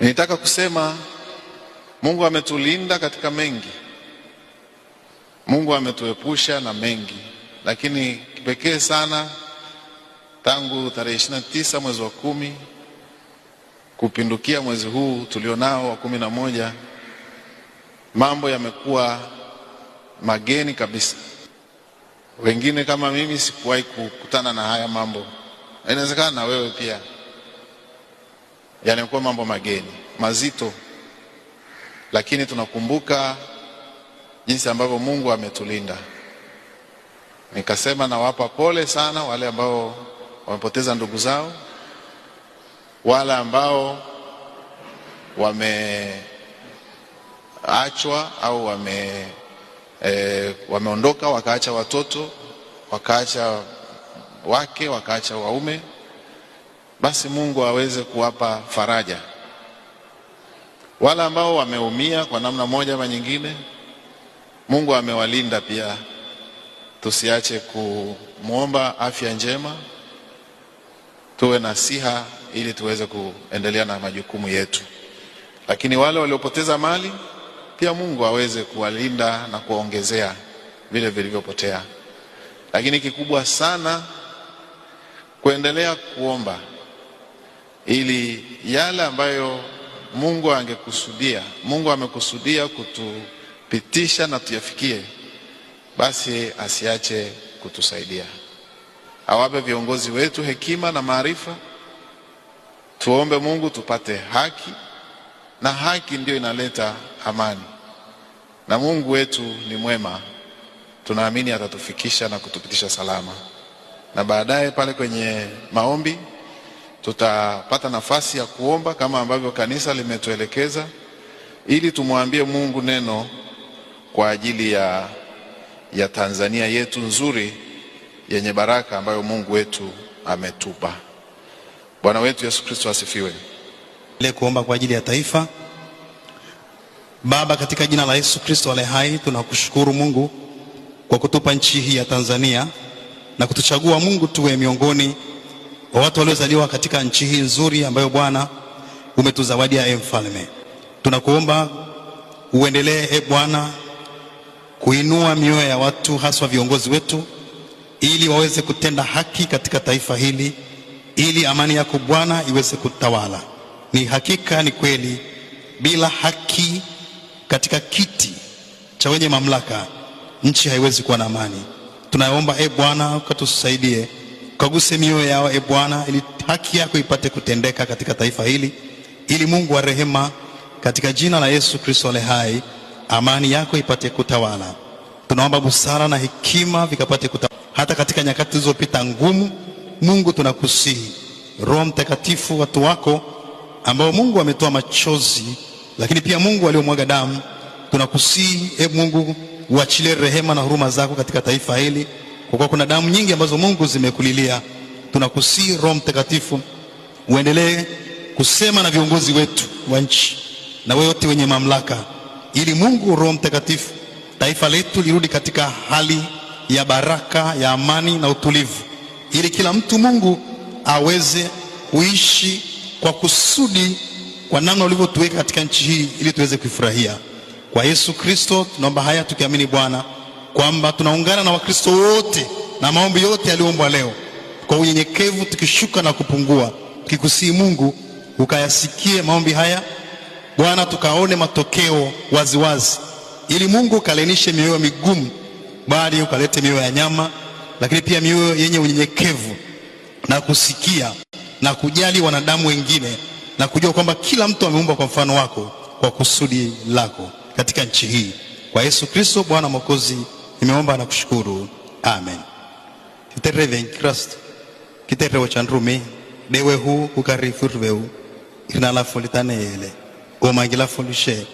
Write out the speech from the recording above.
Nitaka kusema Mungu ametulinda katika mengi, Mungu ametuepusha na mengi, lakini kipekee sana tangu tarehe ishirini na tisa mwezi wa kumi kupindukia mwezi huu tulionao wa kumi na moja, mambo yamekuwa mageni kabisa. Wengine kama mimi sikuwahi kukutana na haya mambo, inawezekana na wewe pia yanayokuwa mambo mageni mazito, lakini tunakumbuka jinsi ambavyo Mungu ametulinda. Nikasema nawapa pole sana wale ambao wamepoteza ndugu zao, wale ambao wameachwa au wame e, wameondoka wakaacha watoto wakaacha wake wakaacha waume basi Mungu aweze kuwapa faraja. Wale ambao wameumia kwa namna moja ama nyingine, Mungu amewalinda pia. Tusiache kumwomba afya njema, tuwe na siha ili tuweze kuendelea na majukumu yetu. Lakini wale waliopoteza mali pia Mungu aweze kuwalinda na kuwaongezea vile vilivyopotea. Lakini kikubwa sana kuendelea kuomba ili yale ambayo Mungu angekusudia, Mungu amekusudia kutupitisha na tuyafikie, basi asiache kutusaidia. Awape viongozi wetu hekima na maarifa. Tuombe Mungu tupate haki, na haki ndio inaleta amani, na Mungu wetu ni mwema, tunaamini atatufikisha na kutupitisha salama. Na baadaye pale kwenye maombi tutapata nafasi ya kuomba kama ambavyo kanisa limetuelekeza, ili tumwambie Mungu neno kwa ajili ya, ya Tanzania yetu nzuri yenye baraka ambayo Mungu wetu ametupa. Bwana wetu Yesu Kristo asifiwe. Ile kuomba kwa ajili ya taifa. Baba, katika jina la Yesu Kristo aliye hai, tunakushukuru Mungu kwa kutupa nchi hii ya Tanzania na kutuchagua Mungu tuwe miongoni kwa watu waliozaliwa katika nchi hii nzuri ambayo Bwana umetuzawadia. E ee mfalme, tunakuomba uendelee, e Bwana, kuinua mioyo ya watu, haswa viongozi wetu, ili waweze kutenda haki katika taifa hili, ili amani yako Bwana iweze kutawala. Ni hakika, ni kweli, bila haki katika kiti cha wenye mamlaka, nchi haiwezi kuwa na amani. Tunaomba e Bwana ukatusaidie kaguse mioyo yao, e Bwana, ili haki yako ipate kutendeka katika taifa hili, ili Mungu wa rehema, katika jina la Yesu Kristo ale hai, amani yako ipate kutawala. Tunaomba busara na hekima vikapate kutawala hata katika nyakati zilizopita ngumu. Mungu tunakusihi, Roho Mtakatifu, watu wako ambao Mungu ametoa machozi, lakini pia Mungu aliyomwaga damu, tunakusihi e Mungu, uachilie rehema na huruma zako katika taifa hili kwa kuwa kuna damu nyingi ambazo Mungu zimekulilia. Tunakusii Roho Mtakatifu uendelee kusema na viongozi wetu wa nchi na wote wenye mamlaka, ili Mungu Roho Mtakatifu, taifa letu lirudi katika hali ya baraka ya amani na utulivu, ili kila mtu Mungu aweze kuishi kwa kusudi, kwa namna ulivyotuweka katika nchi hii, ili tuweze kuifurahia. Kwa Yesu Kristo tunaomba haya tukiamini, Bwana kwamba tunaungana na Wakristo wote na maombi yote yaliyoombwa leo kwa unyenyekevu, tukishuka na kupungua, kikusii Mungu ukayasikie maombi haya Bwana, tukaone matokeo waziwazi wazi, ili Mungu ukalainishe mioyo migumu, bali ukalete mioyo ya nyama, lakini pia mioyo yenye unyenyekevu na kusikia na kujali wanadamu wengine na kujua kwamba kila mtu ameumbwa kwa mfano wako kwa kusudi lako katika nchi hii, kwa Yesu Kristo Bwana Mwokozi nimeomba na kushukuru amen. itereve nkristo kiterewo cha ndrumi dewehu hu ukarifurveu irina lafolitaneele omangila folushe